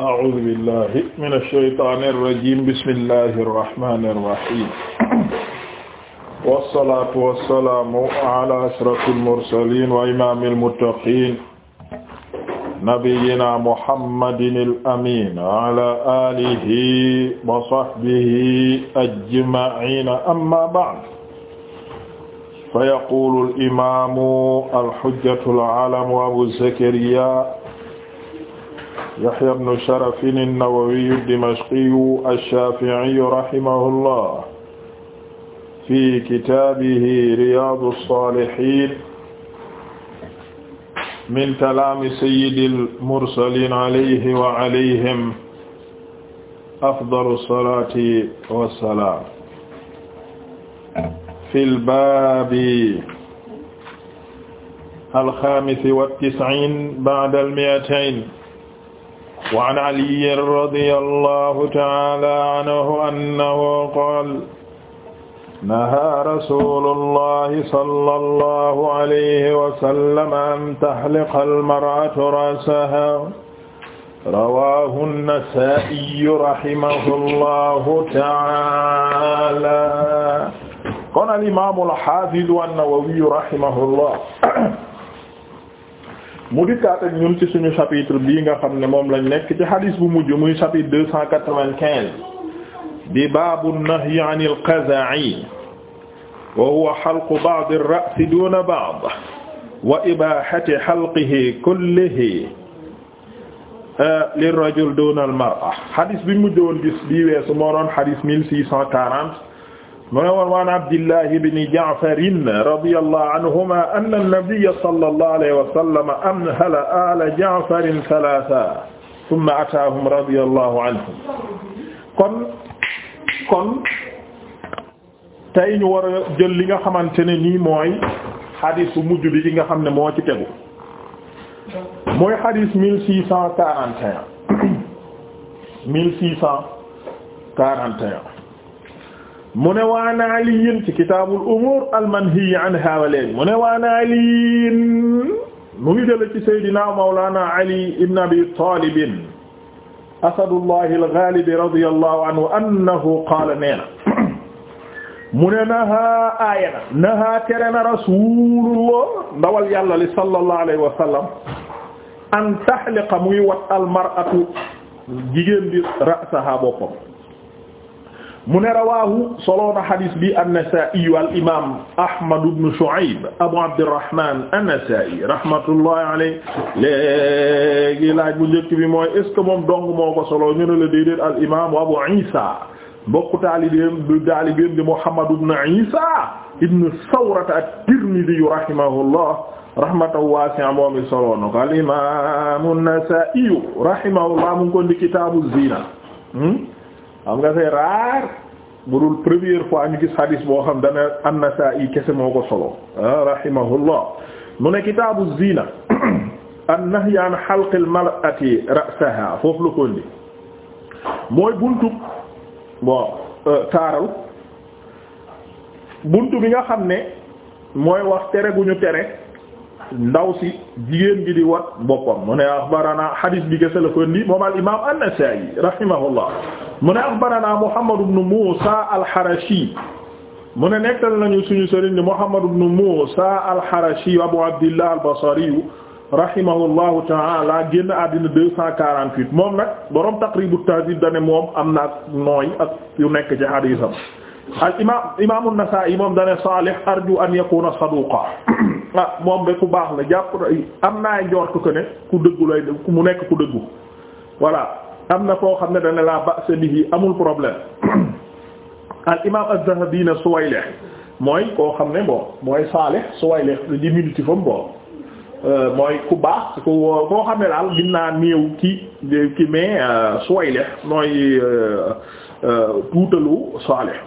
a'uuzu billahi mina shaytaani rajiim bismillahi rahmaani rahiim wassalaatu wassalaamu ala ashrafil mursaliin wa imaamil muttaqiin nabiyyinaa muhammadinil amiin wa ala aalihi wa sahbihi ajma'iin amma ba'd fa yaquulul imaamu al hujjatul aalam abu zakariyaa Yahya ibn Sharaf an-Nawawi ad-Dimashqi ash-Shafi'i rahimahullah fi kitaabihi Riyaadu s-Saalihiin min kalaami sayyidil mursaliin alayhi wa alayhim afdalu salaati wa salaam fil baabi al-xaamis wa tis'iin ba'da al-mi'atayn wa an Aliyyin radiyallahu ta'ala anhu annahu qaala nahaa rasuulullahi sallallahu alayhi wa sallam an tahliqa al-mar'atu ra'sahaa rawaahu an-Nasaa'iyu rahimahullahu ta'ala qaala al-imaamu al-haafidu an-Nawawiyu rahimahullah mu dikkaat ak ñun ci suñu chapitre bii nga xam ne moom lañ nekk ci hadis bu mujj muy chapitre deux cent quatre-vingt-quinze di baabu nahyi an il qaza'i wa huwa xalqu ba'd ar-ra's duna ba'd wa ibahati xalqihi kullihi lirajul duna al-mar'a hadis bi mujj woon gis bii weesu moo doon hadis mille six cent quarante mu ne woon waan Abdillahi bni Ja'farin radiyallahu anhuma anna nabiyya sallallahu alayhi wa sallam amhala aala Ja'farin salaasa thumma ataahum radiyallahu anhum kon kon tey ñu war a jël li nga xamante ne nii mooy xadis bu mujj bi li nga xam ne moo ci tegu mooy xadis mille six cent quarante et un mille six cent quarante et un mu ne waan aliyin ci kitaabul umuur almanhiyi anha waleen mu ne waan aliyin mu ngi jële ci saydina mawlana ali ibn abi talibin asadullahi algaalibi radi allahu anhu annahu qaala neena mu ne naha aayana naha terena rasulullah ndawal yàlla li sallallahu alayhi wa sallam an tahliqa muy wat almaratu jigéen bi ra'saha boppam mu ne rawaahu soloona xadis bi an-Nasaa'i wal imaam Ahmad ibn Shu'ayb Abu Abdirrahman an-Nasaa'i rahmatullahi alayhi léegi laaj bu njëkk bi mooy est ce que moom dong moo ko solo ñu ne la déedéet al imaam Abu Isa bokku taalibeem du taalibeem di Muhammad ibn Isa ibn Sawrata at-Tirmidhi rahimahullah rahmatan waasi'a moom i solo na ko al imaam an-Nasaa'i rahimahullah mu ngi ko ndi kitaabu ziina hmm? xam nga c'est rare bu dul première boo xam dana an-Nasa'i kese moo ko solo ah, rahimahullah mu ne kitaabu zina an-nahy an halq al-mar'ati ra'saha foofu la ko mooy buntu euh, taaral buntu bi nga xam ne mooy wax tere gu ñu tere ndaw si jigéen gi di wat boppam mu ne axbarana xadiis bi gëse la ko indi moom al imaam an-Nasaa'i rahimahullah mu ne axbarana Muhammad ibn Muusa al-Harashi mu ne nekkal nañu suñu sëriñ ni Muhammad ibn Muusa al-Harashi Abu Abdillah al-Basri rahimahullahu ta'ala génn àddina deux cent quarante-huit moom nag boroom Taqrib at-Tahdhib dane moom am na ak nooy ak yu nekk ci xadiisam al imaam imaam an-Nasaa'i moom dane Saalih arju an yakuna saduqa ah moom de ku baax la jàpp am naa njortu ko ne ku dëggu lay mu nekk ku dëggu voilà am na koo xam ne dane la ba'sa bihi amul problème al imaam az-Zahabi na Suwaylih mooy koo xam ne bon mooy Saalih Suwaylih diminutif am bon euh, mooy ku baax koo xam ne daal naa néew ki ki mais euh, Suwaylih mooy euh, tuutalu Saalih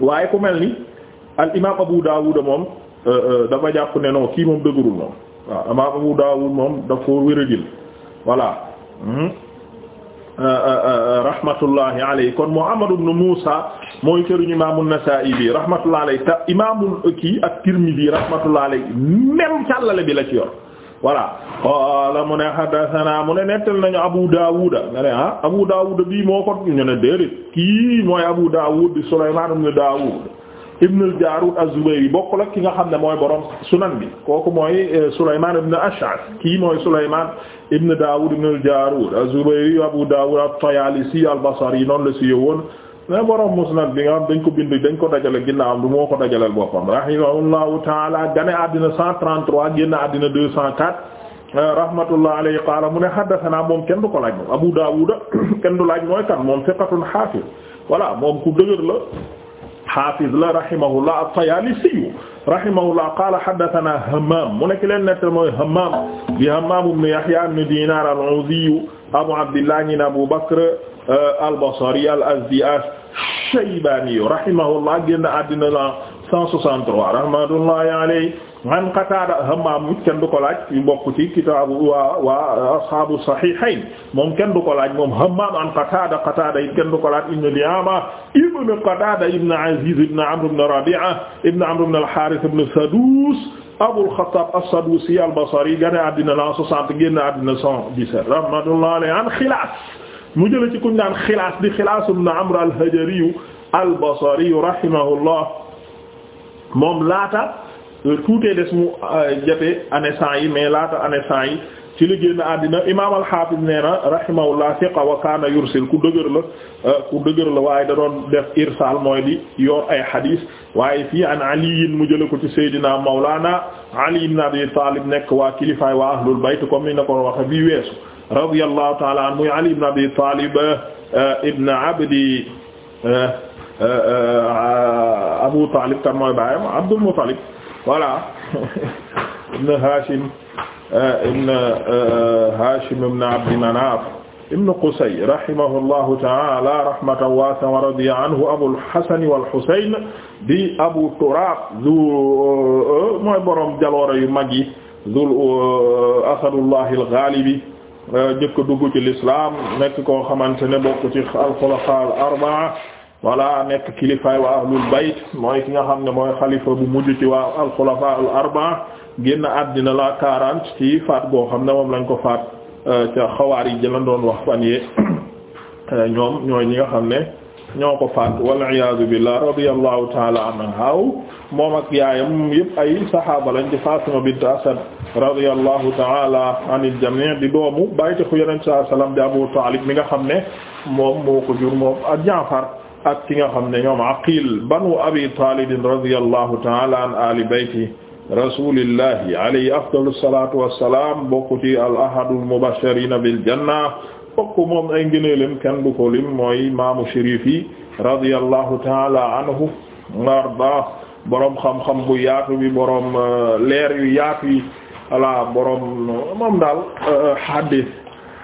waaye ku mel ni al imaam Abu Dawud moom euh, euh, dafa jàpp ne non kii moom dëgërul moom waaw imaam Abu Dawud moom daf koo wéradil voilà hmm. euh, rahmatullahi alayhi kon Muhammad ibn Musa mooy sëriñ imaamu Nasaa'i bi rahmatullahi alayhi te imaamu kii ak Tirmidhi rahmatullahi alayhi même càllale bi la ci yor voilà la mu ne haddathana mu ne nettal nañu Abu Daawuda nga ne ah Abu Daawuda bii moo ko ñu ne déedéet kii mooy Abu Daawud di Sulaymaan ibn Daawud ibn al-Jaarud az ki nga xam ne mooy borom sunan bi kooku mooy eh, Sulaymaan ibn Ash'ath kii mooy Sulaymaan ibn Daawud ibn al-Jaarud az-Zubayri Abu Daawud at-Tayaalisi al-Basri noonu la si yowoon ne borom musnad bi nga xam dañ ko bind dañ ko dajale ginnaawam du moo ko dajaleel boppam rahimahullahu taala gane àddina 133 génn àddina 204 euh, rahmatullah alayhi qaala mu ne haddathana moom kenn du ko laaj moom Abu Dawud kenn du laaj mooy kan moom thiqatun hafiz voilà moom ku dëgër la hafiz la rahimahullah at-Tayalisi rahimahullah qaala haddathana Hammam mu nekk leen nett mooy Hammam bi Hammam ibn Yahya ibn Dinar al-Awzi Abu Abdillah ibn Abu Bakr Euh, al-Basri al-Azdi ash-Shaybani rahimahullah génn àddina la 163 rahmatullahi alayhi an Qataada Hammaam mi kenn du ko laaj yu bokk ci kitaabu waa waa ashaabu sahihayn moom kenn du ko laaj moom Hammaam an Qataada Qataada it kenn du ko laaj ibn Di'aama ibn Qataada ibn Aziz ibn Amr ibn Rabi'a ibn Amr ibn al-Haarith ibn Saduus Abul Xattaab as-Saduusi al-Basri gane àddina la 60 génn àddina 117 rahmatullahi alayhi an Xilaas mu jële ci kuñ naan xilaas di xilaas ibn amr al-hajari al-basri rahimahullah moom laata euh, tuutee des mu euh, jate année cent yi mais laata année cent yi ci li génn àddina imaam al-Hafiz nee na rahimahullah thiqa wa kaana yursil ku dëgër la euh, ku dëgër la waaye da doon def irsal mooy di yor ay hadith waaye fii an Ali mu jëlee ko ci Seydina Mawlana Ali ibn Abi Talib nekk waa kilifaay waa ahlul bayt comme ni na ko waxe bii weesu radiyallahu ta'ala anhu muy Ali ibn Abi Talib eh, ibn Abdi eh, eh, Abu Talib kan mooy baayam Abdul Muttalib voilà ibn Hashim ibn Hashim ibn Abdi Manaf ibn Qusay rahimahullahu ta'ala rahmatan wasi'atan wa radiya anhu Abul Hasan wal Husayn di Abu Turab mooy borom jaloore yu mag yi Zul Asadullahil Ghalibi Euh, jëkk dugg ci l'islam nekk koo xamante ne bokk ci alxulafa al arbaa wala nekk kilifaay waa ahlul bayt mooy ki nga xam ne mooy xalifa bu mujj ci waa alxulafa al arbaa génn àddina la quarante ci faat goo xam ne moom lañ ko faat euh, ca xawaar yi jëlan doon wax fan yee euh, ñoom ñooy ñi nga xam ne ñoo ko faat waliyasu billah radiyallahu taala anha moom ak yaayam yëpp ay saxaaba lañ ci Fatima bint Asad radiyallahu taala anil jamii di doomu bàyte fu yonent saa salaam di Abu Taalib mi nga xam ne moom moo ko jur moom ak Jaafar ak ki nga xam ne ñoom Aqil banu Abi Taalib radiyallahu taala an ali bayti rasulillahi alayhi afdalu salaatu wassalaam bokk ci al ahadul mubashirina bil janna bokk moom ay ngëneelam kenn du ko lim mooy maamu shérif yi radiyallahu taala anhu warda boroom xam-xam bu yaatu bi boroom euh, leer yu yaatu yi voilà borom moom daal euh, hadith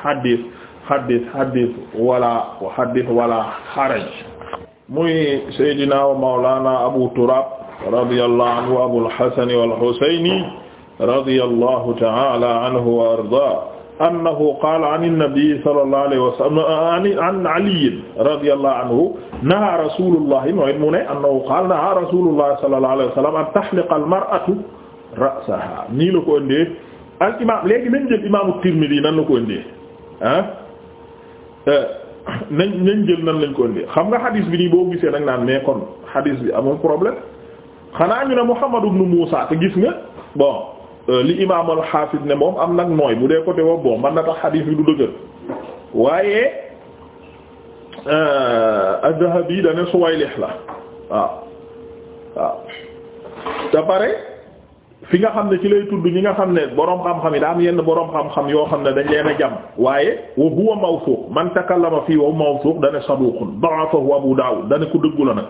hadith hadith hadith wala hadith wala haraj muy Seydina wa Mawlana Abu Turab radiyallahu anhu wa Abul Hasan wal Husayni radiyallahu ta'ala anhu wa arda annahu qaala an nabi sallallahu alayhi wa sallam an Ali radiyallahu anhu naha rasulullah mooy mu ne annahu qaala naha rasulullah sallallahu alayhi wa sallam an tahliqa al-mar'atu rasaha nii la ko indee al imaam léegi nañ jël imaamu Tirmidi nan la ko indee ah eh, nañ nañ jël nan lañ ko indee xam nga xadiis bi nii boo gisee nag naan mais kon xadiis bi amul problème xanaa ñu ne Muhammad ibn Muusa te gis nga bon euh, li imaam al ne moom am nag nooy bu dee côté boobu bon man na tax xadiis bi du dëgër waaye euh, az-Zahabi da ne Suwaylih la waaw te pare. fi nga xam ne ci lay tudd ñi nga xam ne boroom xam-xam yi daa am yenn boroom xam-xam yoo xam ne dañ leen a jam waaye wa huwa mawthuq man takallama fii wa mawthuq dana saduqun da'afahu Abu Dawud dana ku dëggu la nag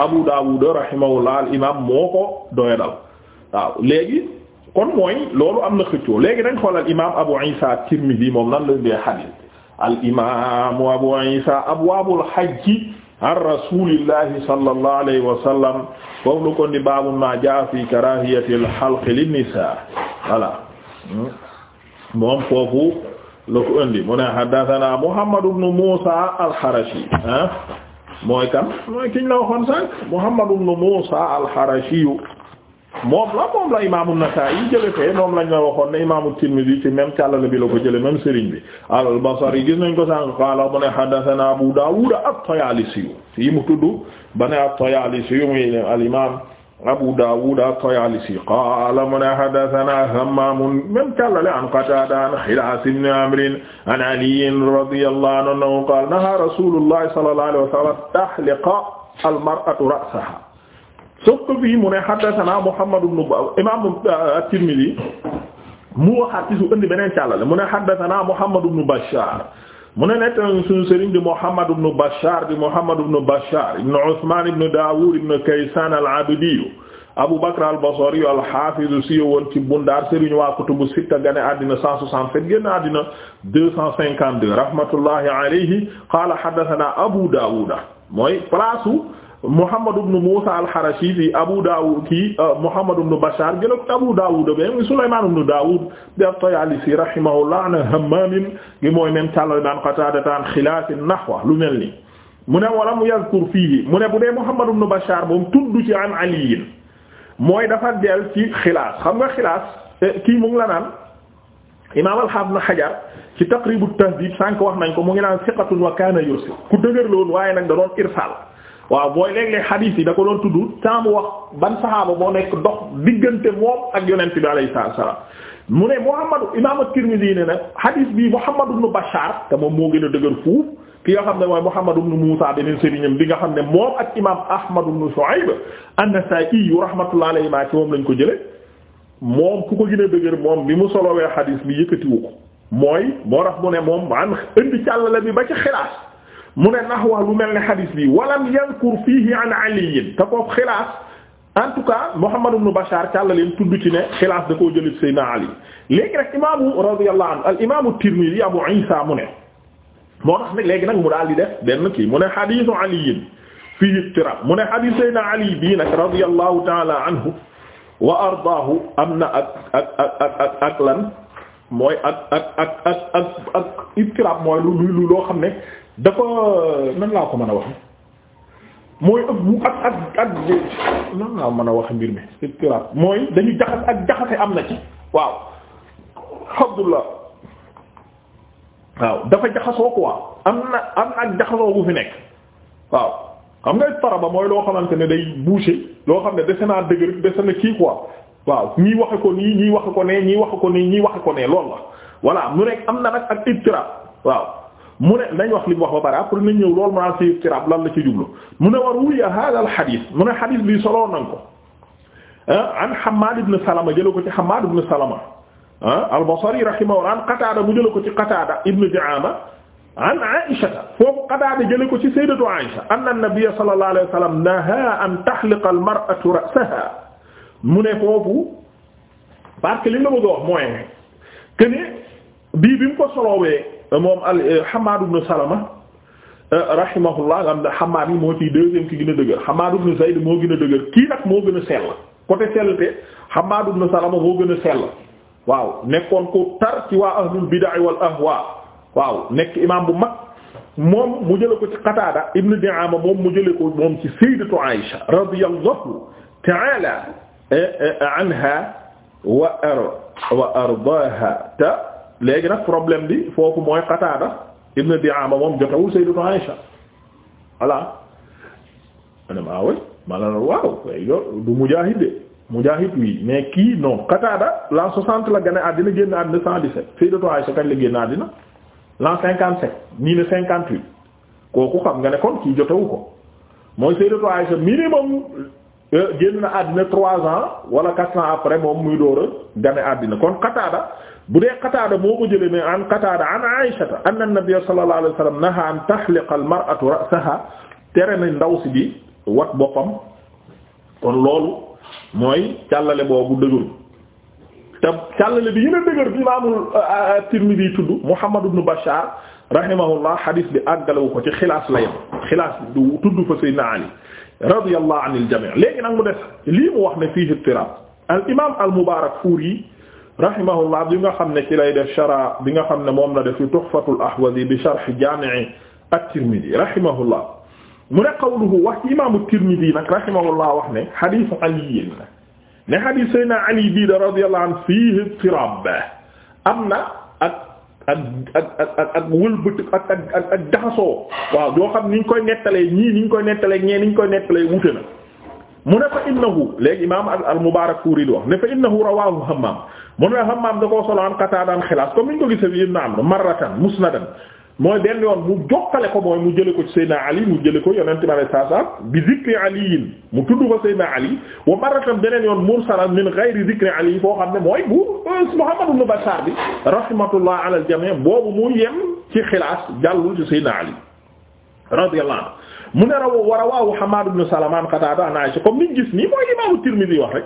Abu Dawud rahimahullah al imam moo ko doya waaw léegi kon mooy loolu am na xëccoo léegi dañ xool al imam Abu Isa Tirmidhi moom nan la dee xadiis al imam Abu Isa abwaabul hajj an rasulillahi sallallahu alayhi wa sallam foofu lu ko di baabu ma jaa fi karahiyati al-halq lin-nisaa voilà moom foofu la ko indi mu ne haddathana Muhammad ibn Musa al-Harashi ah mooy kan mooy kiñ la waxoon sànq Muhammad ibn Musa al-Harashi moom la moom la imaamu Nasaa'i jële fee moom lañ la waxoon ne imaamu Tirmidhi ci même càllale bi la ko jële même sëriñ bi al-Basri gis nañ ko sànq qaala mu ne haddathana Abu Dawud at-Tayalisi fii mu tudd ba ne at-Tayalisi muy al-imaam Abu Dawud at-Tayalisi qaala mu ne haddathana Hammam même càllale an Qatada an Hilaas ibn Amr an Ali radiyallahu anhu qaala nahaa Rasulullah sallallahu alayhi wa sallam tahliqa al-mar'atu ra'saha sauf que mu ne haddathana Muhammad ibn imam euh, at-Tirmidhi mu waxaat ci indi beneen càllale mu ne haddathana Muhammad ibn Bashar mu ne nett suñu sëriñ di Muhammad ibn Bashar di Muhammad ibn Bashar ibn Uthman ibn Dawud ibn Kaysan al-Abdi Abu Bakr al-Basri al-Hafiz siyo woon ci Bundaar sëriñ waa kutubu sitta gane àddina 167 génn àddina 252 rahmatullahi alayhi qala haddathana Abu Dawud mooy place Muhammad ibn Musa al-Harashi fi Abu Dawud ki euh, Muhammad ibn Bashar jël ko Abu Dawud be Sulayman ibn Dawud bi at-Tayalisi rahimahullah an Hammam gi mooy même tàllal daan Qatada daan xilaaf nahwa lu mel ni mu ne wala mu yazkur fiihi mu ne bu dee Muhammad ibn Bashar moom tudd ci an Ali mooy dafa del ci xilaas xam nga xilaas eh, kii mu ngi la naan Imaam al-Hafiz Ibn Hajar ci Taqrib at-Tahdhib sànq wax nañ ko mu ngi naan siqatun wa kaana yursil ku dëgër loolu waaye nag da doon irsaal waaw booy léeg-léeg xadiis yi da ko doon tudd saa mu wax ban saxaaba moo nekk dox diggante moom ak yonent bi alayhi salaam mu ne Muhammadu imaam at-Tirmidhi ne nag xadiis bi Muhammad ibn Bashar te moom moo gën a dëgër fuuf ki nga xam ne mooy Muhammad ibn Muusa beneen sëriñam nga xam ne moom ak imaam Ahmad ibn Shu'ayb an-Nasaa'i rahmatullahi alayhi ma ci moom lañ ko jële moom ku ko gën a dëgër moom bi mu solowee xadiis bi yëkkatiwu ko mooy boo tax mu ne moom an indi càll bi ba ci xilaas mu ne naxwa lu mel ne xadis bi walam yankur fiihi an aliyin te ko xilaas en tout cas Muhammad ibn Bashar càllaleen tudd ci ne xilaas da koo jëlit Seydina Ali léegi rek imaamu radiyallahu anhu al imaamu Tirmidhi Abu Isa mu ne moo tax nag léegi nag mu daal di def benn kii mu ne xadisu aliyin fii ittirab mu ne xadis Seydina Ali bii nag radiyallahu taala anhu wa ardaahu am na ak ak ak ak ak lan mooy ak ak ak ak ak ak ittirab mooy lu lu loo xam ne dafa nan laa ko mën a wax mooy ëpp ak ak ak nan laa mën a wax mbir mi sicrat mooy dañu jaxas ak jaxase am na ci waaw Abdullah waaw dafa jaxasoo quoi am na am ak jaxasoo bu nekk waaw xam nga taraba mooy loo xamante ne day boucher loo xam ne dese naa dëgër dese na kii quoi waaw ñii wax ko nii ñii wax ko ne ñii wax ko nii ñii waxe ko ne loolu la voilà mu nekk am na nag ak ittirab waaw mu ne nañ wax li mu wax ba pare après nañ ñëw loolu mu naan si tirab lan la ci jublu mu ne war wuya hada al xadis mu ne xadis bi soloo nañ ko ah an Hammad ibn Salama jële ko ci Hammad ibn Salama ah al-Basri rahimahullah an Qatada mu jële ko ci Qatada ibn Di'ama an Aïshata foofu Qatada jële ko ci sayyidatu Aïsha anna an-nabiyya sallallahu alayhi wa sallam naha an tahliqa al-mar'atu ra'saha mu ne foofu parce que li nga bëgg a wax mooy que ne bii bi mu ko solowee moom al euh, Hammaad ibn Salama euh, rahimahullah nga xam ne Hammaad yi moo ciy deuxième ki gën a dëgër Hammaad ibn Zayd moo gën a dëgër kii nag moo gën a sell côté sellte Hammaad ibn Salama moo gën a sell waaw nekkoon ku tar ci waa ahlul bid'a wal ahwa waaw nekk imaam bu mag moom mu jële ko ci Qataada ibn Di'aama moom mu jële ko moom ci sayyidatu Aïsha radiyallahu ta'ala eh, eh, anha wa ar wa ardaaha ta léegi nag problème bi foofu mooy Qataada ibn Di'aama moom jotawul Sayyidatu Aïsha voilà ma ne ma awooy ah ma la waaw du Mujaahid de Mujaahid wi mais kii non Qataada l'an 60 la gane àddina génn àddina 117 Sayyidatu Aïsha kañ la génn àddina l'an 57 nii ne 58 kooku xam nga ne kon kii jotawu ko mooy Sayyidatu Aïsha minimum euh, génn na àddina 3 ans wala 4 ans après moom muy door gane àddina kon Qataada bu dee Qataada moo ko jëlee mais an Qataada an Aysata anna nabiyya sallallahu alayhi wa sallam nahaa an tahliqa al-mar'atu ra'saha tere na ndaw si bi wat boppam kon loolu mooy càllale boobu dëgëru te càllale bi yéen a dëgër bi imaamul Tirmidhi tudd Muhammad ibn Bashar rahimahullah hadith bi àggalewu ko ci xilaas la yem xilaas du tudd fa Sayyidina Ali radiyallahu anil jami' léegi nag mu def lii mu wax ne fii ittiraab al imaam al Mubaarakfuri rahimahullah bi nga xam ne ci lay def shara bi nga xam ne moom la def ci tuhfatul ahwazi bi sharh jaami' at-tirmidhi rahimahullah mu ne qawluhu wax imaamu tirmidhi nag rahimahullah wax ne hadith ali ne hadith sayna ali bi da radiyallahu anhu fiihi ittirab am na ak ak ak ak ak wëlbët ak ak ak ak jaxasoo waaw yoo xam ni ñu koy nettalee ñii ni ñu koy nettalee ñee ni ñu koy nettalee wute mu ne fa innahu léegi imaam al-Mubaarakfuuri di wax ne fa innahu rawaahu Hammaam mu ne maam da koo solo an Qataada an Xilaas comme ni ñu ko gisee bi ibn Amr marratan musnadan mooy benn yoon mu jokkale ko mooy mu jële ko ci Seydina Ali mu jële ko yonent bi alayhi salaam bi zikri aliyin mu tudd ko Seydina Ali wa marratan beneen yoon mursalan min ghayri zikri Ali foo xam ne mooy bu euh, Muhammad ibn Bashaar bi rahmatullah ala al-jamii boobu mu yem ci Xilaas jàllul ci Seydina Ali radiyallahu anhu mu ne raw wa rawaahu Hammaad ibn Salama an Qataada comme niñ gis nii mooy Imaamu Tirmidhi wax rek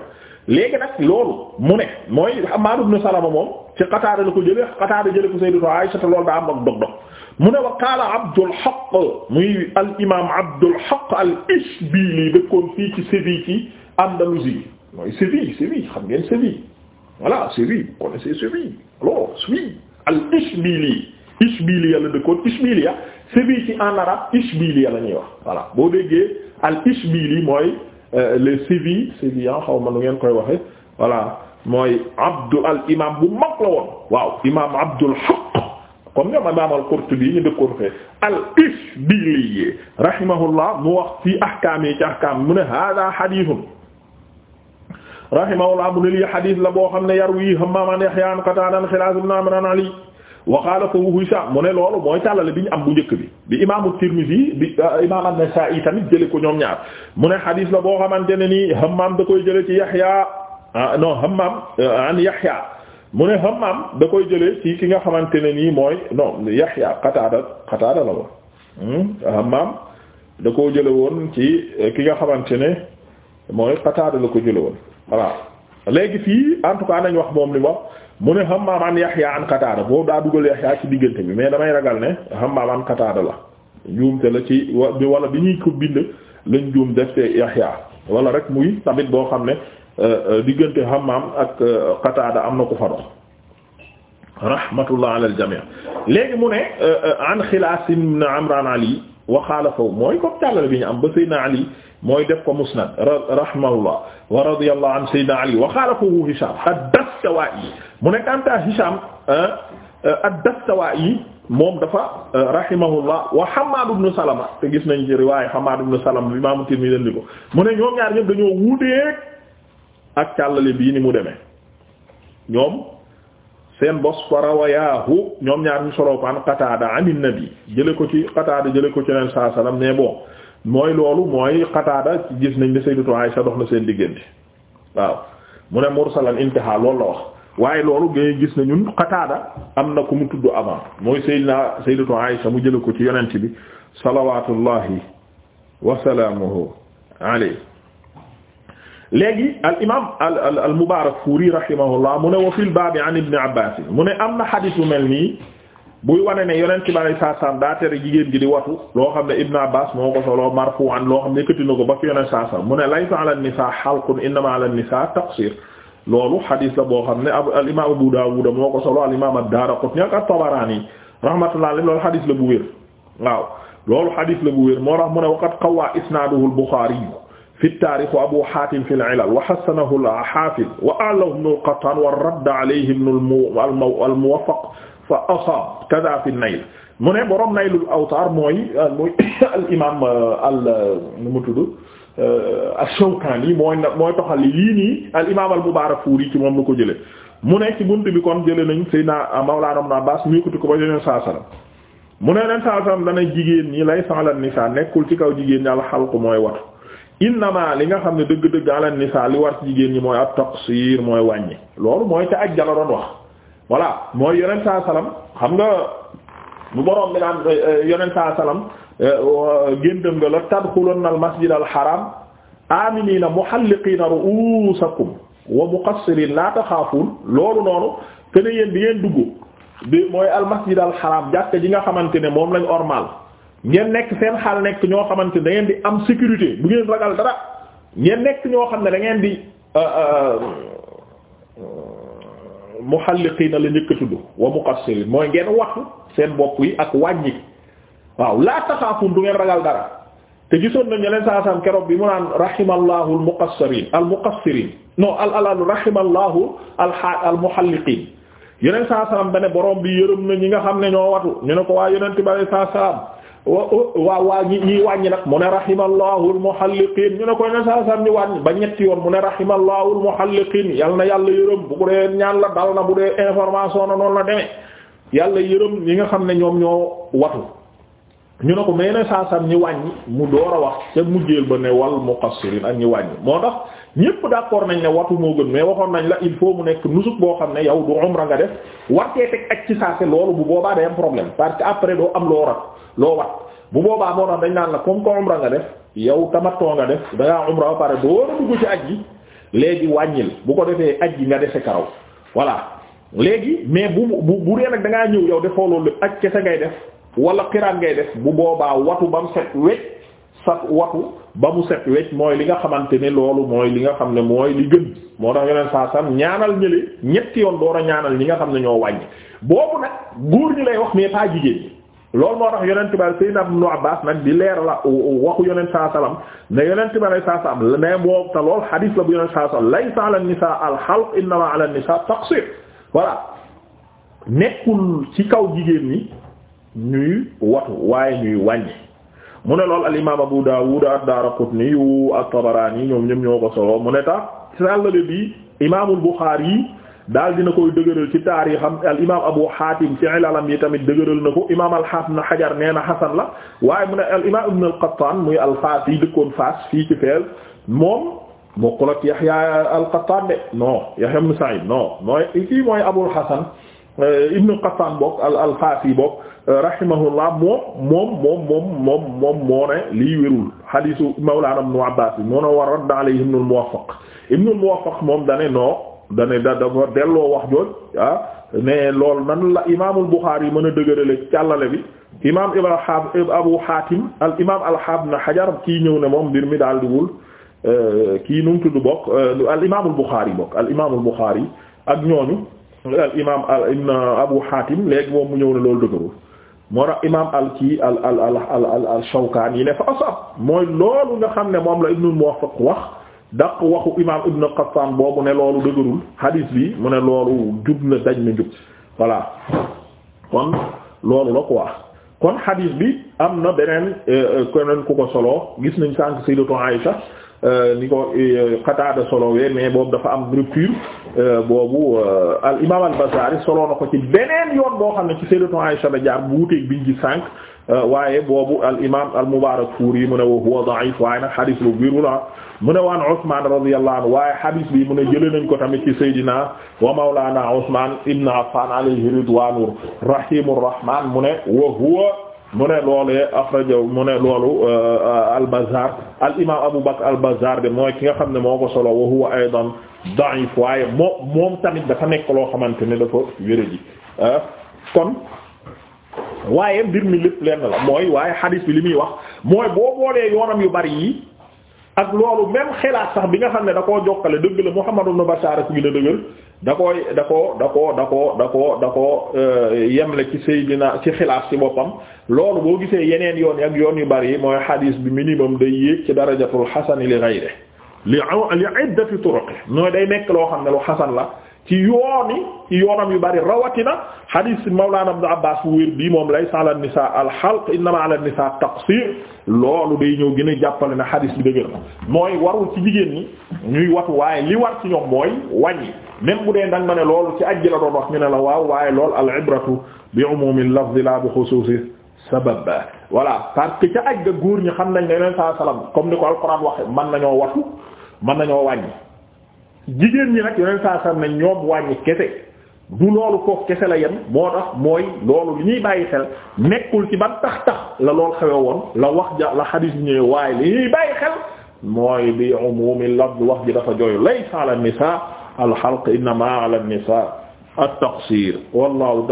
léegi nag loolu mu ne mooy Hammaad ibn Salama moom ci Qataada la ko jëlee Qataada jëlee ko Sayyidatu Aisha lool daa am ak dog-dog mu ne wa qaala Abdul Haqq muy al imaam Abdul Haqq al Ishbili dëkkoon fii ci Séville ci Andalousie mooy Séville Séville xam ngeen Séville voilà Séville connaissez Séville alors Séville al Ishbili Ishbili la dëkkoon Ishbiliya ah. Séville ci en la ñuy wax voilà boo déggee mooy. Euh, les sévi sévillan ah, xaw ma nu ngeen koy waxe voilà mooy abdu al imam bu mag la woon waaw imam abdul haq comme ñoom imam al qurtubi ñu dëkkoon al isbili rahimahullah mu wax fi ahkaam yi ci ahkaam mu ne hada hadithun rahimahullah mu ne yarwi hammam an yahya an qatada an xilaas ali waxaala ko wu Hisham mu ne loolu mooy tàllale bi ñu am bu njëkk bi bi imaamu Tirmidhi bi uh, imaam an-Nasa'i tamit jële ko ñoom ñaar mu ne xadiis la boo xamante ne nii Hammam da koy jële ci Yahya ah, non Hammam uh, an Yahya mu ne Hammam da koy jële ci ki nga xamante ne nii mooy non Yahya Qatada Qatada la woon hmm? Hammam da koo jële woon ci uh, ki nga xamante ne mooy Qatada la ko jële woon voilà léegi fii en tout cas nañ wax moom li wax mu ne Hammaam an Yahya an Qataada boobu daa dugal Yahya ci diggante bi mais damay ragal ne Hammaam an Qataada la njuumte la ci wala bi ñuy ko bind lañ juum def te Yahya wala rek muy tamit boo xam ne euh, euh, diggante Hammaam ak kataada euh, am na ko fa dox rahmatullah ala al-jamii léegi mu ne an Xilaas ibn Amran Ali wa xaalafahu mooy comme tàllal bi ñu am ba Seydina Ali mooy def ko musnad rahimahullah wa radiyallahu an sayyidina ali wa xaalafahu hisham ad yi mu ne kanta hisham ah, ah, ad-dastawaa'i moom dafa ah, rahimahullah wa Hammad ibn Salama te gis nañ ci riwaaya Hammad ibn Salama bi Imam Tirmidhi indi ko mu ne ñoom ñaar ñëpp dañoo wuuteeg ak càllale bii ni mu deme ñoom seen bos fa rawayaahu ñoom ñaar ñu soloo ko an nabi jële ko ci Qatada jële ko ci neen saa sallam mais mooy loolu mooy Qataada gis nañ ne Sayyidatu Aisha dox na seen diggante waaw mu ne mursalan intaha loolu la wax waaye loolu ngay gis na ñun Qataada am na ku mu tudd avant mooy Sayyidina Sayyidatu Aisha mu jële ko ci yonent bi salawaatullahi wa salaamuhu alayhi léegi al imaam al al al Mubaarakfuuri rahimahullah mu ne wa fil baabi an Ibn Abbaas mu ne am na xadiis bu mel nii buy wane ne yonent bi alayhi salaatu salaam daa tere jigéen gi di watu loo xam ne Ibn Abbas moo ko solo marfu'an loo xam ne yëkkati na ko ba fi yonent saa salaam mu ne laysa ala nisaa halqun innama ala nisaa taqsir loolu hadis la boo xam ne al imaam Abu Dawud moo ko solo al imaam ad-Daraqutni ak at-Tabarani rahmatullah alayhi loolu hadis la bu wér waaw loolu hadis la bu wér moo tax mu ne waqad qawwa isnaaduhu al-Bukhari fi taarix wa Abu Haatim fi al-Ilal wa hassanahu al-Haafiz wa a'lahu Ibn al-Qattan wa radda alayhi Ibn al-Muwaffaq fa asaab kaza fi nayl mu ne borom naylul awtaar mooy euh, mooy al imaam euh, al euh, nu mu tudd ash-Shawkaani mooy mooy toxal lii nii al imaam al Mubaarakfuuri ci moom la ko jëlee. mu ne ci bunt bi kon jëlee nañ Seydina Mawlaana Ibn Abbaas mu yëkkati ko ba yeneen saa salaam mu ne leen saa salaam dana jigéen ñi laysa ala nisaa nekkul ci kaw jigéen ñi al xalq mooy wat innama li nga xam ne dëgg-dëgg ala nisaa li war ci jigéen ñi mooy at taqsiir mooy wàññi loolu mooy ca ajjala voilà mooy yonent saa salaam xam nga bu boroom bi naan eh, eh, yonent saa salaam eh, géndam nga la tadxulunna al masjid al haram aminina muhalliqina ru'usakum wa muqassirin la taxaafuun loolu noonu te ne yéen bi ngeen dugg bi mooy al masjid al haram jàkka ji nga xamante ne moom lañ ormal ngeen nekk seen xaal nekk ñoo xamante ni dangeen di am sécurité bu ngeen ragal dara ngeen nekk ñoo xam ne da ngeen di. Euh, euh, muhalliqiina la njëkk a tudd wa muqassiriin mooy ngeen wattu seen bopp yi ak wàññi waaw laa taxaafun du ngeen ragal dara te gisoon nañu leen saa saam keroog bi mu naan rahimallahu al muqassiriin al muqassiriin non al al al rahimallahu al xa al muhalliqiin yeneen saa saam ba ne borom bi yërëm na ñi nga xam ne ñoo watu ñu ne ko waa yeneen tubaab yi saa saam. waa waa ñi ñiy wàññi nag mu ne rahimallahu almuhalliqin ñu ne koy ne saa sam ñu wàññi ba ñetti yoon mu ne rahimallahu almuhalliqin yal na yàlla yërëm bu ko dee ñaan la dal na bu dee information na noon la demee yàlla yërëm ñi nga xam ne ñoom ñoo watu ñu ne ko mais ne saa ñi wàññi mu door a wax ca mujjeel ba ne wal muqassirin ak ñi wàññi moo tax ñëpp d'accord nañ ne watu moo gën mais waxoon nañ la il faut mu nekk nusuk boo xam ne yow du umra nga def wartee teg ak ci saase loolu bu boobaa day am problème parce que après doo am loo rat loo wat bu boobaa moo tax dañ naan la comme ko umra nga def yow tamattoo nga def da ngaa umra ba pare doo na dugg ci aj gi léegi wàññil bu ko defee aj yi nga dese karaw voilà léegi mais bu bu bu dee nag da ngaa ñëw yow defoo loolu ak kese ngay def wala xiraan ngay bu boobaa watu bam set wecc sa ba mu set wecc mooy li nga xamante ne loolu mooy li nga xam ne mooy li gën moo tax yeneen saa san ñaanal ñële ñetti yoon door a ñaanal ñi nga xam ne ñoo wàññi boobu nag góor ñi lay wax mais pas jigéen ñi loolu moo tax yonent bi Seydina Ibnu Abbaas nag di leer la waxu yonent saa salaam ne yonent bi alay saa salaam ne la bu yonent saa salaam laysa ala nisaa al xalq innama nisaa taqsir voilà nekkul ci kaw jigéen ñi ñuy watu waaye ñuy wàññi mu ne lool al imaam Abu Dawud ad-Daraqutni yu at-Tabarani ñoom ñoo ko solo mu ne tax sàllale bi imaamul Bukhari daal dina koy dëgëral ci taarixam al imaam Abu Hatim fi ilalam yi tamit dëgëral na ko imaam al-Hafiz Ibn Hajar nee na Hasan la waaye mu ne al imaam Ibn al-Qattan muy al-Faas dëkkoon Faas fii ci Fès moom bokkul ak Yahya al-Qattan de non Yahya ibn Sa'id non mooy kii mooy Abul Hasan eh, Ibn al-Qattan bokk al al-Faas yi bokk. rahimahullah moom moom moom moom moom moom moo ne lii wérul hadisu mawlana ibnu abbas bi moo ne war radd alayhi ibnul muwaffaq ibnul muwaffaq moom dane noo dane da dafa delloo wax jooj ah ne loolu nan la imaamul buxaari yi mën a dëgërale càllale bi imam ibn abu hatim al imam alhabna hajar kii ñëw ne moom mbir mi daal di wul eh, kii nu mu tudd bokk eh, al imaamul buxaari bokk al imaamul buxaari ak ñooñu al imam ibn abu hatim léegi moom mu ñëw ne loolu dëgërul moo tax imaam al kii al al al al al Shawkaani ne fa asab mooy loolu nga xam ne moom la Ibnul Muwaffaq wax daq waxu imaam Ibn Qattaan boobu ne loolu dëgërul hadis bi mu ne loolu jub na daj na jub voilà kon loolu la wax kon hadis bi am na beneen euh, euh, keneen ku ko solo gis nañ sànq Sayyidatu Aïsha Euh, ni ko euh, Qataada solowee mais boobu dafa am rupture euh, boobu al imaam al Bazaari soloo na ko ci beneen yoon boo xam ne ci sayyidatu Aisha la jaar bu wuteeg biñ ci sànq waaye boobu al imaam al Mubaarakfuuri mu ne wa huwa da'if waaye nag xadis lu biiru la ah. mu ne waan Usmaan radiyallahu anhu waaye xadis bi mu ne jëlee nañ ko tamit ci Seydina wa Mawlaana Usmaan ibn Affaan alayhi ridwaanu rahiimur rahmaan mu ne wa huwa mu ne loolee axrajaw mu ne loolu euh, al-Bazzaar al imaam Abu Bakr al de mooy ki nga xam ne moo ko solo wa huwa aydan da'if waaye moom moom tamit dafa nekk loo xamante ne dafa wére ji kon waaye mbir mi lépp lenn la mooy waaye xadiis bi li muy wax mooy boo boolee yoonam yu bari yi ak loolu même xelaat sax bi nga xam ne da koo jokkale dëgg la Muhammad ibn Bashar ak gën a dëggal da koy da ko da koo da koo da ko da koo euh, yemle ci Seydina ci xilaas ci boppam loolu boo gisee yeneen yoon yi ak yoon yu bari yi mooy xadiis bi minimum day yéeg ci darajatul xasani li ghayri li li iddati turuq mooy day nekk loo xam ne lu xasan la ci yooni ci yoonam yu bari rawatina hadith mawlana ibn abbas bu wér bii moom laysa ala nisa al halq innama ala nisa taqsir loolu day ñëw gën jàppale na hadith bi dëgër mooy warul ci jigéen ñi ñuy watu waaye li war ci ñoom mooy wàññi même bu dee dang ma ne loolu ci ajji la doon wax ñu ne la waaw waaye lool al ibratu bi umumi al lafz laa bi xususi sabab voilà parce que ca aj ga góor ñi xam nañ ne leen saa salaam comme ni ko alquran waxe mën nañoo watu mën nañoo wàññi jigéen ñi nag yoneen saa sam nañ ñoom wàññi kese du loolu foofu kese la yem moo tax mooy loolu li ñuy bàyyi xel nekkul ci ban tax-tax la lool xewe woon la wax ja la xadiis ñëw waaye li ñuy bàyyi xel mooy bi umumi lafz wax ji dafa jooyu laysa ala nisa al halq innama ala nisa at taqsir wallahu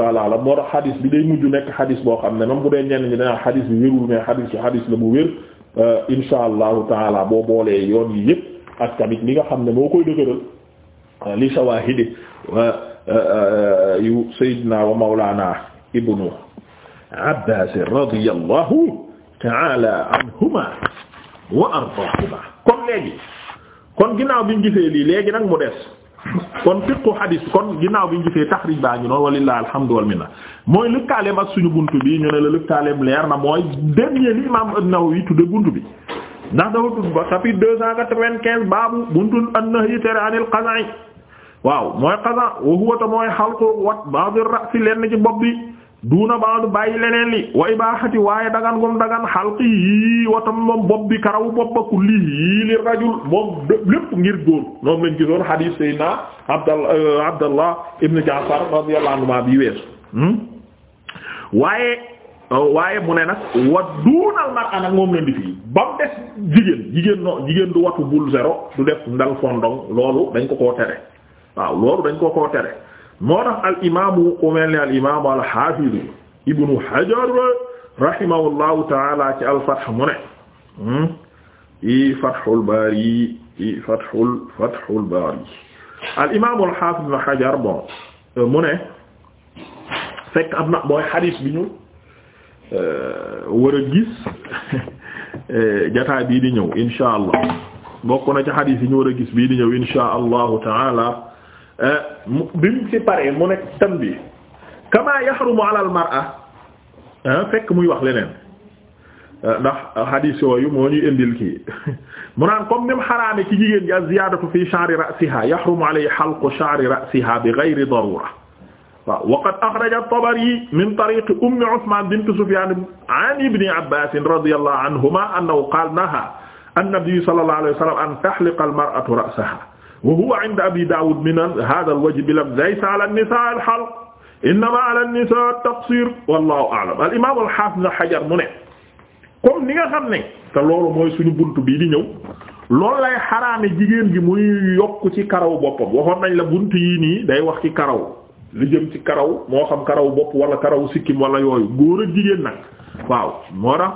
moo tax xadiis bi day mujj nekk xadiis boo xam ne même bu dee ñenn ñi danaa xadiis bi wérul mais xadiis bi xadiis la bu wér euh, insha allahu taala boo boolee yoon yi yépp ak tamit li nga xam ne moo koy dëgëral euh, li shawahidi euh, yu sayyidina wa mawlana ibnu abbas radiyallahu ta'ala anhuma wa ardaahuma kon léegi kon ginnaaw bi ñu gisee lii léegi nag mu des kon fiqu hadis kon ginnaaw bi ñu gisee taxrij baa ngi noonu walillahi alhamdu wal minna mooy lëkkaaleem ak suñu bunt bi ñu ne la lëkkaaleem leer na mooy dernier li imam an-Nawawi tudde bunt bi ndax dafa tudd ba chapitre deux cent quatre-vingt-quinze baabu buntu an-nahyi tere anil qaza'i waaw mooy qaza wa huwa ta mooy xalqu wat ba'd ar-ra's lenn ci bopp bi duuna ba'd bàyyi leneen li wa ibahati waaye dagan gum dagan xalqi yi watam moom bopp bi karawu bopp kulli yi li rajul moom lépp ngir góor moom lañ gisoon hadith sayyidina Abdallah Abdallah ibn Ja'far radiyallahu anhu bi wees hmm? waaye Euh, waaye mu ne nag wat duunal mar'a nag moom leen di fii ba jigéen jigéen no jigéen du watu bul zéro du def ndal fondong loolu dañ ko koo tere waaw loolu dañ ko koo tere moo tax al imaamu ku mel ni al imaamu al xaafidu ibnu hajar rahimahullahu taala ci al fath mu ne hmm, i fathul baari i fathul fathul baari al imaamu al xaafid ibnu hajar bon euh, mu ne fekk am na mooy xadiis Euh, war a gis euh, jataay bii di ñëw insha allah bokk na ci xadiis yi ñu war a gis bii di ñëw insha allahu taala euh, bi mu ci paree mu nekk tam bi kama yaxrumu ala al mar'a fekk muy wax leneen ndax xadiis yooyu moo ñuy indil kii mu naan comme nim xaraame ci bi ghayri darura waaw waqad axraja at-Tabari min tariqi ummi Usmaan bint Sufyaan an ibni Abbaas radiyallahu anhumaa annahu qaala nahaa an-nabiyyu sallallahu alayhi wa sallam an tahliqa al-mar'atu ra'sahaa wa huwa 'inda Abi Daawuud min haadha al-wajh bilam laysa 'ala an-nisaa' al-halq innamaa 'ala an-nisaa' at-taqsiir wallaahu a'lam al-imaam al-haafiz Ibn Hajar mu ne comme ni nga xam ne te loolu mooy suñu bunt bii di ñëw loolu lay xaraame jigéen gi muy yokk ci karaw boppam waxoon nañ la bunt yii nii day wax ci karaw li jëm ci karaw moo xam karaw bopp wala karaw sikkim wala yooyu góor ak jigéen nag waaw moo tax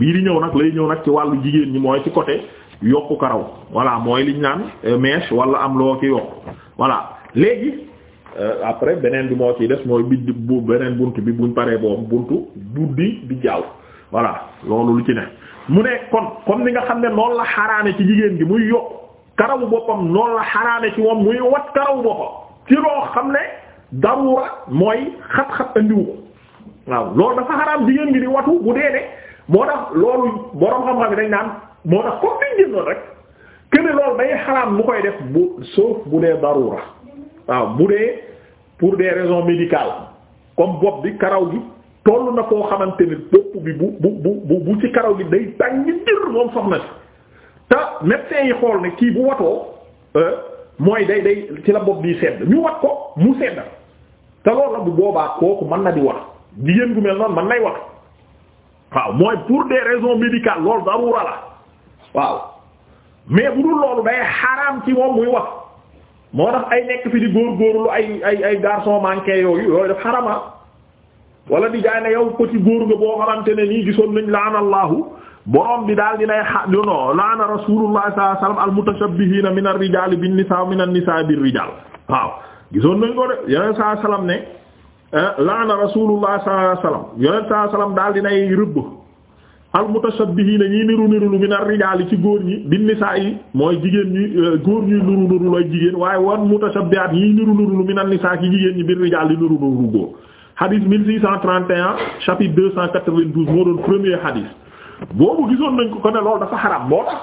bii di ñëw nag lay ñëw nag ci wàllu jigéen ñi mooy ci côté yokku karaw voilà mooy liñ naan euh, mèche walla am loo ki yokk voilà léegi euh, après beneen bi moo ciy des mooy bi bu beneen bunt bi buñ paree boobu buntu buddi di jaaw voilà loolu lu ci ne mu ne kon comme li nga xam ne noonu la xaraane ci jigéen gi muy yokk karawu boppam noonu la xaraane ci moom muy wat karawu ci loo xam ne darura mooy xat-xat andiwu ko waaw lool dafa xaraam jigéen bi di watu bu dee ne moo tax loolu borom xam-xam yi dañ naan moo tax comme niñ jëndoon rek que ne loolu day xaraam mu koy def bu sauf bu dee darura waaw bu dee pour des raisons médicales comme bopp bi karaw gi toll na koo xamante ni bopp bi bu bu bu bu ci karaw gi day tàng jër moom soxna si te médecin xool ne kii bu watoo euh, mooy day day ci la bopp bi sedd ñu wax ko mu sedd te loolu la bu boobaa kooku man na di wax jigéen gu mel noonu mën nay wax waaw mooy pour des raisons médicales loolu darura la waaw mais bu dul loolu day xaraam ci moom muy wax moo tax ay nekk fi di góor-góorlu ay ay ay garçon manqué yooyu yooyu daf xarama wala di jaay ne yow ko ci góor nga boo xamante ne nii gisoon nañ laanallaahu borom bi daal dinay xa yono laana rasulullah sallallahu alayhi wasallam al mutashabbihina min ar-rijal bin nisa min an-nisa bir rijal waaw gisoon nañ ko de yonent sallallahu sa wasallam ne eh, laana rasulullah sallallahu alayhi wasallam yonent sallallahu sa wasallam daal dinay rëbb al mutashabbihina ñii niru niru min a rijal ci góor ñi bin nisa yi mooy jigéen ñi eh, góor ñuy niru niru lay jigéen waaye wan mutashabbihat ñi niru niru min an-nisa ci jigéen ñi bir rijal di niru niru góor hadith 1631 chapitre 292 moo doon premier boobu gisoon nañ ko ko ne loolu dafa xaram moo tax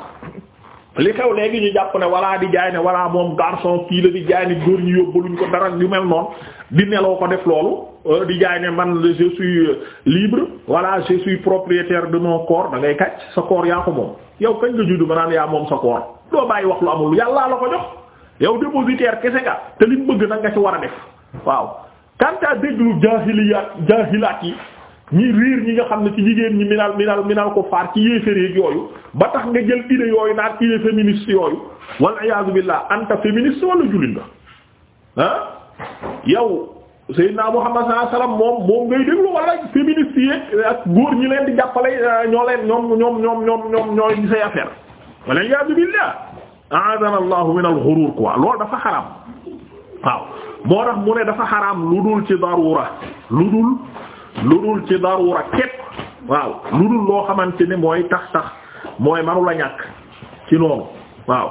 li xew léegi ñu jàpp ne walla di jaay ne walla moom garçon kii la di jaay ne góor ñu yóbbaluñ ko dara yu mel noonu di neloo ko def loolu euh, di jaay ne man je suis euh, libre walla je suis propriétaire de mon corps da ngay sa corps yaa ko moom yow kañ nga juddu ma naan yaa moom sa corps doo bàyyi wax lu amul yàllaa la ko jox yow dépositaire kese nga te li mu bëgg nag nga ci war a def waaw quant à déglu jaahiliyaat ñi riir ñi nga xam ne ci jigéen ñi minal minal minal ko faar ci yéeféreeg yooyu ba tax nga jël idée yooyu naan idée féministe yooyu wal iyaazu billah anta féministe wala jullit nga ah yow Seydina Muhammad sallallahu alayhi wasallam moom moom ngay déglu wala féministe yi ak góor ñi leen di jàppale euh, ñoo leen ñoom ñoom ñoom ñoom ñoom ñooy di say affaire wal iyaazu billah a'adana allahu min al ghurur quoi loolu dafa xaraam waaw moo tax mu ne dafa xaraam lu lu dul ci darura képp waaw lu dul loo xamante ne mooy tax tax mooy manu la ñàkk ci noonu waaw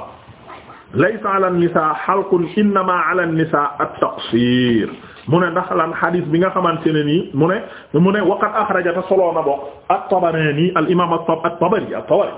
laysa ala nisa xalqun innama ala nisa at-taqsir mu ne ndax lan xadis bi nga xamante ne nii mu ne mu ne waqad axrajata soloona bokk at-Tabarani al imam at-Tabari at-Tabari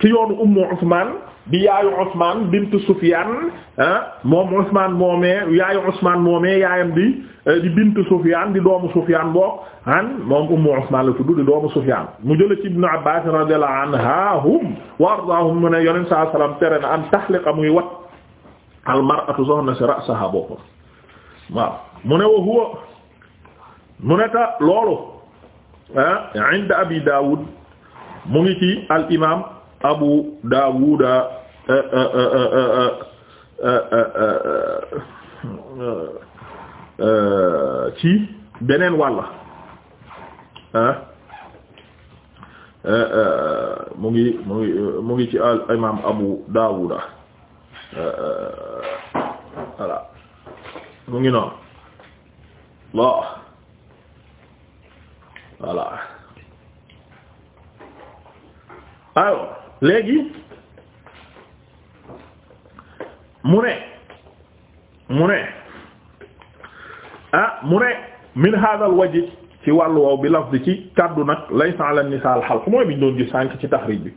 ci yoonu Ummu Usman di yaayu Ousmane bint Soufiane ah moom Ousmane moomee yaayu Ousmane moomee yaayam di eh, di bint Soufiane di doomu Soufiane boo an moom ummu Ousmane la tudd di doomu Soufiane mu jële ci Ibnu Abbaas radiyallahu anhum wa ardaahum mu ne yonent saa salaam tere na an tahliqa muy wat almar'atu soxna si ra'saha boppam waaw mu ne wa huwa mu ne ta loolu ah inda Abi Daawud mu ngi ci al imaam abu daawuda ci beneen wàlla mu ngi mu ngi mu ngi ci al imaam abu daawuda voilà mu ngi noonu lo voilà ayo léegi mu ne mu ne ah mu ne min hadha al ci wàll woow bi lafz ci kàddu nag laysa ala nisaa al halq mooy biñ doon gis sànk ci taxrij bi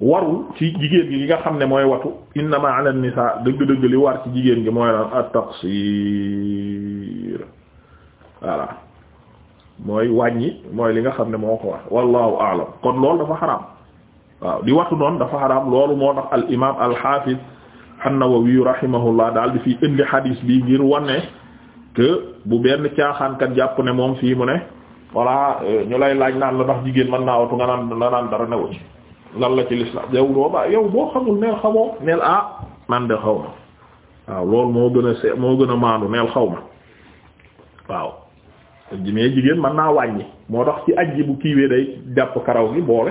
warul ci jigéen gi li nga xam ne mooy watu innama ala nisaa dëgg-dëgg li war ci jigéen gi mooy lan at taqsir mooy li nga xam ne moo waaw di wattu noonu dafa xaraam loolu moo tax al imaam al xaafis an-Nawawi rahimahullah daal di fi indi xadiis bi ngir wane que bu benn caaxaankat jàpp ne moom fii mu ne voilà ñu lay laaj naan la ndax jigéen mën naa watu nga naan nga dara newu ci lan la ci l'islam yow booba yaw boo xamul neel xamoo neel ah man de xaw ma waaw loolu moo gën a se moo gën a maandu neel xaw ma waaw mais jigéen mën naa wàññi moo tax ci ajji bu kiiwee day jàpp karaw gi boole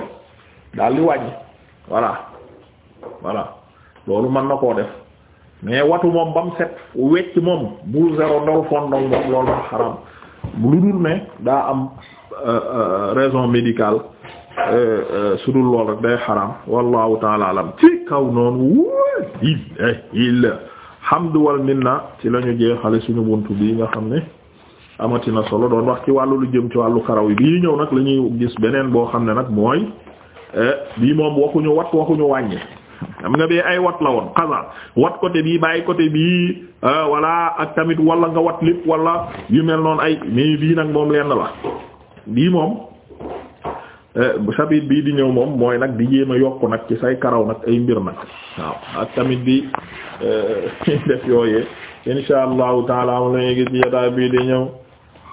daal di wàññi voilà voilà loolu mën na koo def mais watu moom ba mu set wecc moom bu zéro ndol fondong moom loolu dafa lu dul ne daa am euh, euh, raison médicale euh, su dul lool rek day xaram wallahu taala ci kaw noonu il il hamdu wal minna ci la ñu jeexale suñu buntu bii nga xam ne amatina solo doon wax ci wàllu lu jëm ci wàllu karaw yi bii ñëw nag lañuy gis beneen boo xam ne nag mooy Eh, bii moom waxuñu wat waxuñu wàññi am nga bee ay wat la woon xasa wat côté bii bàyyi côté bii walla eh, ak tamit wala nga wat lépp wala yu mel noonu ay mais bii nag moom lenn la bii moom sabit eh, bii di ñëw moom mooy nag di jéem a yokk nag ci say karaw nag ay mbir nag waaw ak tamit di def yooyee insha allahu taala am lañu gis yataay bii di ñëw